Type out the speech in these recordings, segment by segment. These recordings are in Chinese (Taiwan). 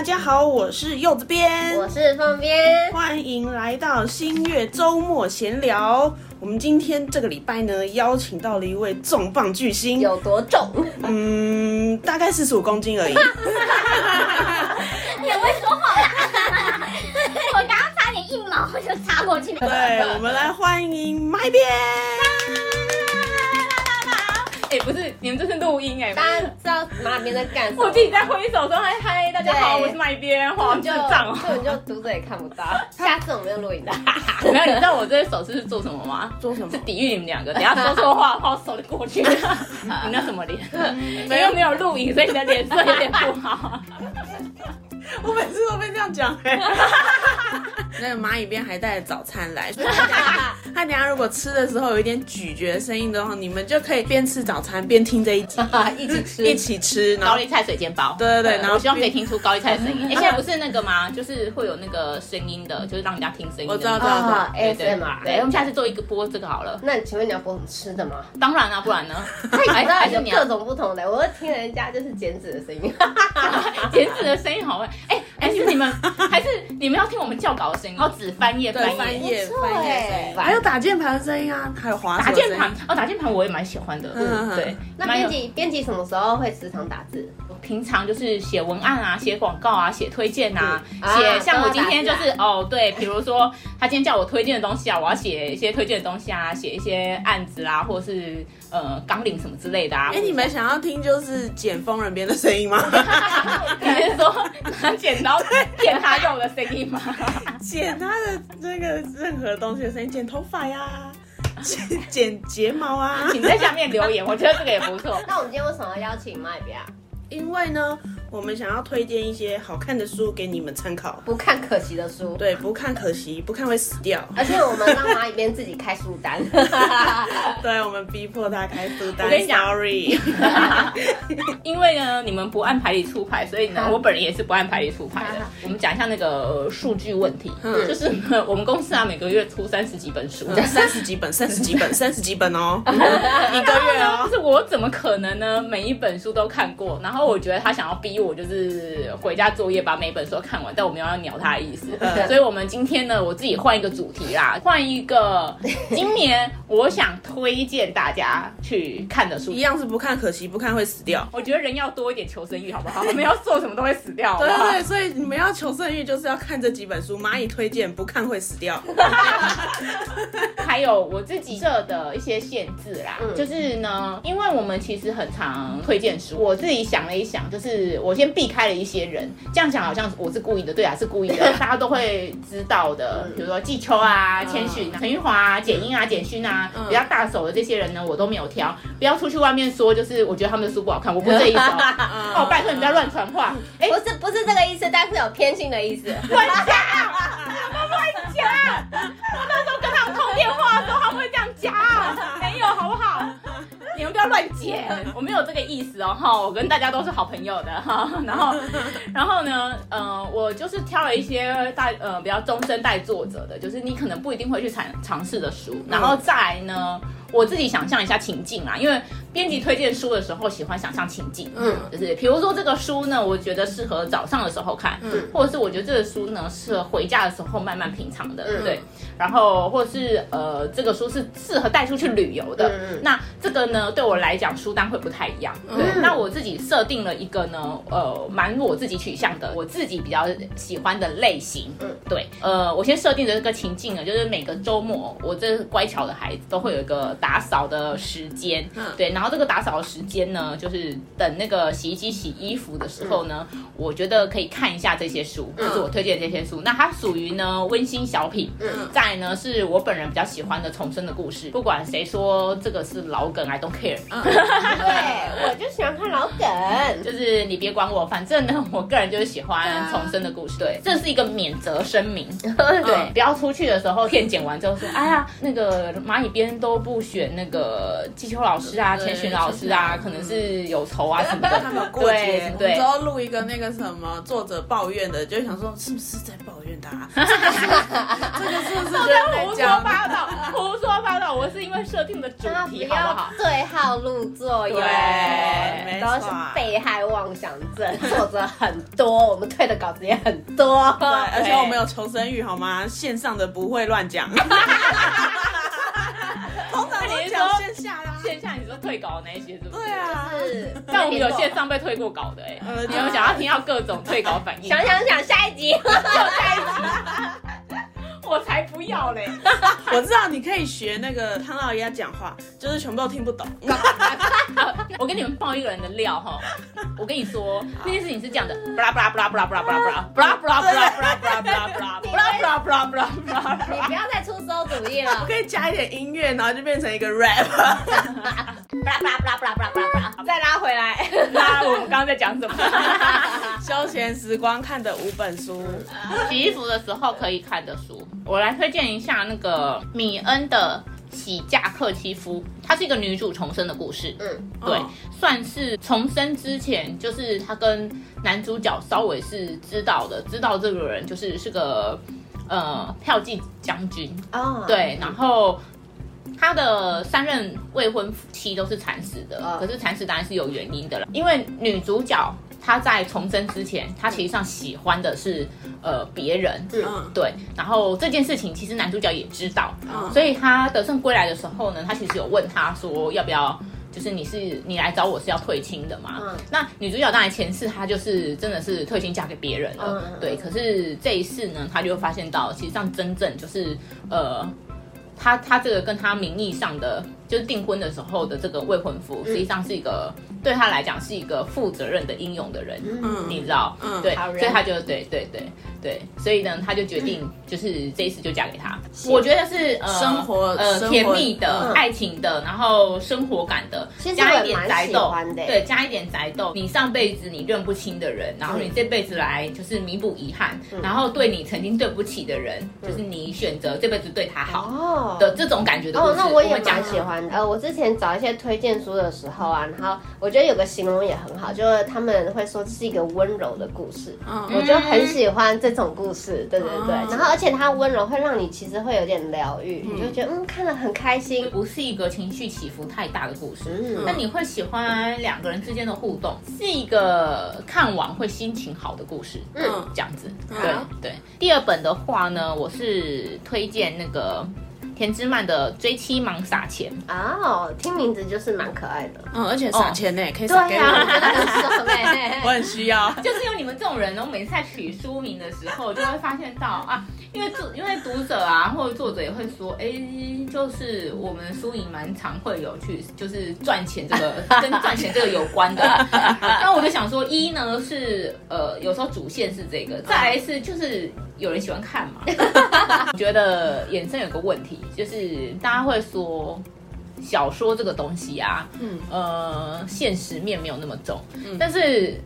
大家好，我是柚子編，我是鳳編，歡迎來到新月週末閒聊。我們今天這個禮拜呢，邀請到了一位重磅巨星，有多重？嗯，大概四十五公斤而已。你 會說話啦？ 我剛剛差點一毛就擦過去。對，我們來歡迎麥編哎、欸，不是。你們這是錄音哎、欸，大家那我知道螞蟻邊在幹什麼？我自己在揮手說嗨嗨，大家好，對我是螞蟻邊，好，就所以你就讀者也看不到。 下次我們用錄影的，沒有。你知道我這些手勢是做什麼嗎？做什麼？是抵禦你們兩個，等下說錯話，話我 手就過去。 你那什麼臉？ 沒有沒有錄影，所以你的臉色有點不好。 我每次都被這樣講哎、欸。 那個螞蟻邊還帶着早餐來。 那等下如果吃的時候有一點咀嚼聲音的話，你們就可以邊吃早餐邊聽這一集，一起吃，一起吃。高麗菜水煎包，對對對，然後希望可以聽出高麗菜的聲音。哎，現在不是那個嗎？就是會有那個聲音的，就是讓人家聽聲音。我知道，知道，知道對對對。我們下次做一個播這個好了。那請問你要播什麼吃的嗎？當然啊，不然呢？還是各種不同的。我會聽人家就是剪紙的聲音，哈哈剪紙的聲音好玩。哎，還是你們，還是你們要聽我們校稿的聲音，然後紙翻頁翻頁翻頁翻。打鍵盤的聲音啊，還有滑。打鍵盤哦，打鍵盤我也蠻喜歡的，對對，那編輯編輯什麼時候會時常打字？我平常就是寫文案啊，寫廣告啊，寫推薦啊，寫像我今天就是哦，對，比如說他今天叫我推薦的東西啊，我要寫一些推薦的東西啊，寫一些案子啊，或是呃綱領什麼之類的啊。哎，你們想要聽就是剪風人編的聲音嗎？你是說拿剪刀在剪他用的聲音嗎？剪他的那個任何東西的聲音，剪頭髮髮呀，啊，剪睫毛啊， 請在下面留言， 我覺得這個也不錯。 那我們今天為什麼要邀請麥比啊？因為呢。我們想要推薦一些好看的書給你們參考，不看可惜的書，對，不看可惜，不看會死掉。而且我們媽媽一邊自己開書單， 對，我們逼迫他開書單。Sorry， 因為呢，你們不按牌理出牌，所以呢，我本人也是不按牌理出牌。的。嗯、我們講一下那個數據問題，嗯、就是我們公司啊，每個月出三十幾本書，三十、嗯、幾本，三十幾本，三十幾本哦、喔， 嗯、一個月、喔啊、就是我怎麼可能呢？每一本書都看過，然後我覺得他想要逼。我就是回家作業，把每本書看完，但我沒有要鳥他的意思。嗯、所以我們今天呢，我自己換一個主題啦，換一個。今年我想推薦大家去看的書，一樣是不看可惜，不看會死掉。我覺得人要多一點求生欲，好不好？我們要做什麼都會死掉好不好？對，對對，所以你們要求生欲，就是要看這幾本書。螞蟻推薦，不看會死掉。 還有我自己設的一些限制啦，是就是呢，因為我們其實很常推薦書，我自己想了一想，就是我。我先避開了一些人，這樣講好像我是故意的，對啊，是故意的，大家都會知道的。比如說寄秋啊、嗯、千尋、陳毓華、啊、嗯、簡瓔啊、簡薰啊，嗯、比較大手的這些人呢，我都沒有挑，不要出去外面說，就是我覺得他們的書不好看，我不這一招。嗯嗯嗯、哦，拜托你不要亂傳話，哎，不是、欸、不是這個意思，但是有偏心的意思。亂講，什麼亂講？我那時候跟他們通電話的時候，他們會這樣講，沒、欸、有，好不好？你們不要亂剪，我沒有這個意思哦，哈，我跟大家都是好朋友的，哈，然後，然後呢，嗯、呃，我就是挑了一些大，呃，比較中生代作者的，就是你可能不一定會去嘗嘗試的書，然後再來呢。我自己想象一下情境啦，因為編輯推薦書的時候喜歡想象情境，嗯，就是比如說這個書呢，我覺得適合早上的時候看，嗯，或者是我覺得這個書呢適合回家的時候慢慢品嘗的，對，嗯、然後或者是呃這個書是適合帶出去旅遊的，嗯嗯、那這個呢對我來講書單會不太一樣，對嗯、那我自己設定了一個呢，呃，蠻我自己取向的，我自己比較喜歡的類型，嗯，對，呃，我先設定的這個情境呢，就是每個周末我這乖巧的孩子都會有一個。打掃的時間，對，然後這個打掃的時間呢，就是等那個洗衣機洗衣服的時候呢，嗯、我覺得可以看一下這些書，就是我推薦的這些書。嗯、那它屬於呢溫馨小品，嗯、再來呢是我本人比較喜歡的重生的故事。不管誰說這個是老梗 I don't care。嗯、對 我就喜歡看老梗，就是你別管我，反正呢，我個人就是喜歡重生的故事。對，這是一個免責聲明，對，嗯、不要出去的時候片剪完之後說，哎呀，那個螞蟻邊都不。選那個季秋老師啊，千尋老師啊，可能是有仇啊什麼的。他們過節，對，對。之後錄一個那個什麼作者抱怨的，就想說是不是在抱怨他？這個是，這是在胡說八道，胡說八道。我是因為設定的主題，你要對號入座。對，都是被害妄想症作者很多，我們退的稿子也很多。而且我們有求生欲，好嗎？線上的不會亂講。線下，線下你說退稿的那一些是不是？對啊，是。但我們有線上被退過稿的哎、欸，有沒有想要聽到各種退稿反應？想想想，下一集，下一集。我才不要嘞！tacos 我知道你可以學那個唐老鴨講話，就是全部都聽不懂。 我跟你們爆一個人的料哈、哦！我跟你說，那件事情是這樣的，你不要再出餿主意了，我可以加一點音樂，然後就變成一個 rap。 再拉回來，拉我們剛剛在講什麼？ 休閒時光看的五本書，嗯，洗衣服的時候可以看的書，我來推薦一下那個米恩的《喜嫁剋妻夫》，她是一個女主重生的故事。嗯，對，哦，算是重生之前，就是她跟男主角稍微是知道的，知道這個人就是是個呃驃騎將軍哦，嗯，對，然後。他的三任未婚妻都是慘死的，可是慘死當然是有原因的了，因為女主角她在重生之前，她其實上喜歡的是呃別人，嗯，對。然後這件事情其實男主角也知道，嗯。所以他得勝歸來的時候呢，他其實有問她說要不要，就是你是你來找我是要退親的嘛？嗯。那女主角當然前世她就是真的是退親嫁給別人了，對。可是這一次呢，她就發現到其實上真正就是呃。他他這個跟他名義上的，就是訂婚的時候的這個未婚夫，實際上是一個。對他來講是一個負責任的、英勇的人，你知道，對，所以他就對對對對，所以呢，他就決定就是這一次就嫁給他。我覺得是呃生活呃甜蜜的愛情的，然後生活感的，先加一點宅鬥，對，加一點宅鬥。你上輩子你認不清的人，然後你這輩子來就是彌補遺憾，然後對你曾經對不起的人，就是你選擇這輩子對他好哦的這種感覺。哦，那我也蠻喜歡的。呃，我之前找一些推薦書的時候啊，然後我。我覺得有個形容也很好，就是他們會說是一個溫柔的故事，oh. 我就很喜歡這種故事，對對對。Oh. 然後而且它溫柔會讓你其實會有點療癒，oh. 你就覺得嗯，看了很開心，不是一個情緒起伏太大的故事。那、oh. 你會喜歡兩個人之間的互動，是一個看完會心情好的故事，嗯，oh. 這樣子，對對。第二本的話呢，我是推薦那個。田芝曼的追妻忙撒錢哦，聽名字就是蠻可愛的。嗯、哦，而且撒錢呢，哦、可以撒給我。對呀、啊， 我很需要。就是有你們這種人，我每次在取書名的時候，就會發現到啊，因為作因為讀者啊，或者作者也會說，哎、欸，就是我們書名蠻常會有去，就是賺錢這個跟賺錢這個有關的。那 我就想說，一呢是呃，有時候主線是這個，再來是就是有人喜歡看嘛， 你覺得衍生有個問題。就是大家會說，小說這個東西啊，嗯，呃，現實面沒有那麼重，嗯，但是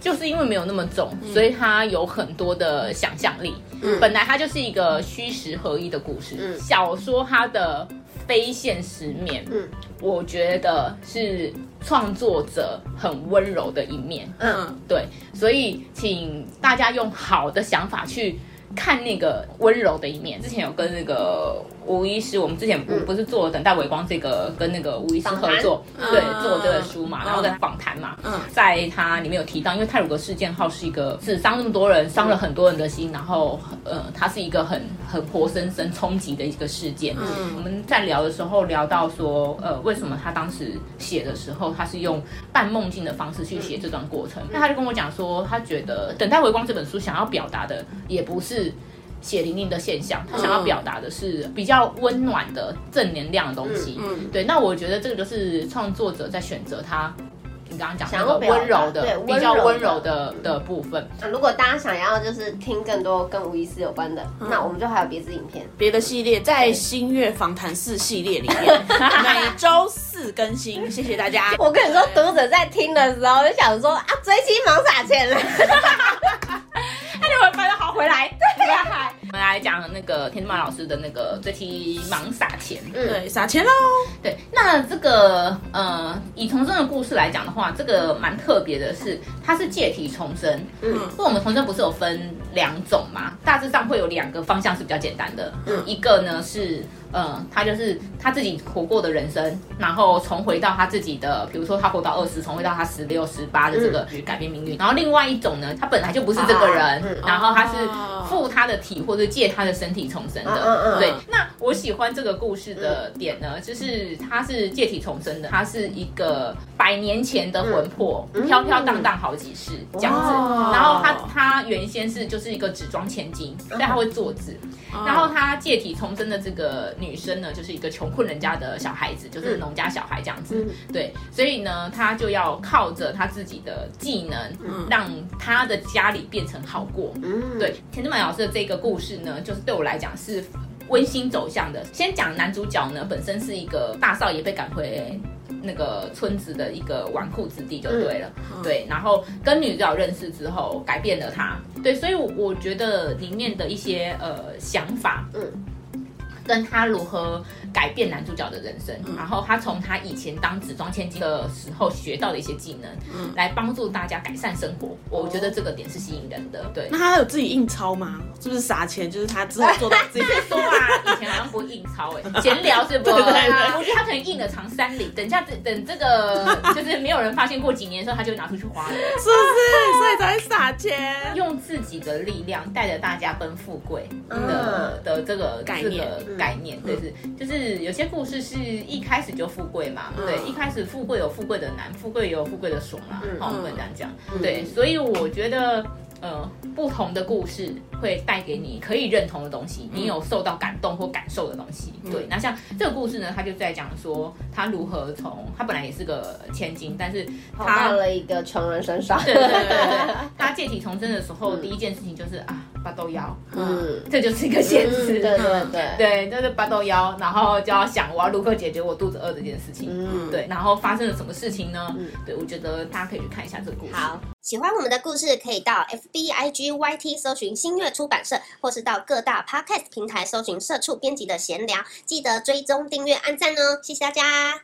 就是因為沒有那麼重，嗯，所以它有很多的想象力。嗯，本來它就是一個虛實合一的故事。嗯，小說它的非現實面，嗯，我覺得是創作者很溫柔的一面。嗯，對，所以請大家用好的想法去。看那個溫柔的一面，之前有跟那個。吳醫師，我們之前不不是做《等待微光》這個跟那個吳醫師合作，嗯、對，做這個書嘛，然後在訪談嘛，在他裡面有提到，因為太魯閣事件號是一個是傷那麼多人，傷了很多人的心，然後呃，他是一個很很活生生衝擊的一個事件。嗯、我們在聊的時候聊到說，呃，為什麼他當時寫的時候，他是用半夢境的方式去寫這段過程。那、嗯、他就跟我講說，他覺得《等待微光》這本書想要表達的也不是。血淋淋的現象，他想要表達的是比較溫暖的正能量的東西。嗯，嗯對，那我覺得這個就是創作者在選擇他，你剛剛講那個溫柔的，對，比較溫柔的、嗯、的部分。那、啊、如果大家想要就是聽更多跟吳醫師有關的，嗯、那我們就還有別的影片，別的系列在新月訪談室系列裡面，對 每週四更新，謝謝大家。 我跟你說，讀者在聽的時候就想說啊，追妻忙撒錢了？ 的那個這期忙撒錢，嗯、對，撒錢嘍，對，那這個呃，以重生的故事來講的話，這個蠻特別的是，是它是借體重生，嗯，不過我們重生不是有分兩種嘛，大致上會有兩個方向是比較簡單的，嗯，一個呢是。嗯，他就是他自己活過的人生，然後重回到他自己的，比如說他活到二十，重回到他十六、十八的這個、嗯、改變命運。然後另外一種呢，他本來就不是這個人，啊嗯、然後他是附他的體、啊、或者借他的身體重生的。啊啊、對，啊、那我喜歡這個故事的點呢，嗯、就是他是借體重生的，他是一個百年前的魂魄，飄飄蕩蕩好幾世、嗯、這樣子，哇然後他他，原先是就是一個紙裝千金，但他會坐字，然後他借體重生的這個女生呢，就是一個窮困人家的小孩子，就是農家小孩這樣子，對，所以呢，他就要靠着他自己的技能，讓他的家裡變成好過。對，田芝曼老師的這個故事呢，就是對我來講是。溫馨走向的。先講男主角呢，本身是一個大少爺被趕回那個村子的一個紈絝子弟就對了，嗯嗯、對，然後跟女主角認識之後改變了他，對，所以我覺得裡面的一些呃想法，嗯，跟他如何。改變男主角的人生，然後他從他以前當紙裝千金的時候學到的一些技能，嗯，來幫助大家改善生活。我覺得這個點是吸引人的。對，那他有自己印鈔嗎？是不是撒錢？就是他之後做到直接 說啊，以前好像不會印鈔哎、欸，閒聊是不是？ 對,對,對我覺得他可能印了長三裡，等一下這等這個就是沒有人發現，過幾年的時候他就拿出去花了， 是不是？所以才撒錢，用自己的力量帶着大家奔富貴的的這個概念概念，是、 嗯、就是。有些故事是一開始就富貴嘛，對，一開始富貴有富貴的難，富貴也有富貴的爽嘛，好，啊，我們，哦，不能這樣講，對，啊，所以我覺得。呃、嗯，不同的故事會帶給你可以認同的東西，你有受到感動或感受的東西。嗯、對，那像這個故事呢，它就在講說他如何從他本來也是個千金，但是他到了一個窮人身上。對，對對對，他借體重生的時候，嗯、第一件事情就是啊，巴豆夭。啊、嗯，這就是一個現實、嗯。對對對，嗯、對，對，對，對，就是巴豆夭，然後就要想我要如何解決我肚子餓這件事情。嗯，對，然後發生了什麼事情呢？嗯、對，我覺得大家可以去看一下這個故事。好，喜歡我們的故事可以到 F。B I G Y T 搜尋新月出版社，或是到各大 Podcast 平台搜尋社畜編輯的閒聊，記得追蹤、訂閱、按讚哦！謝謝大家。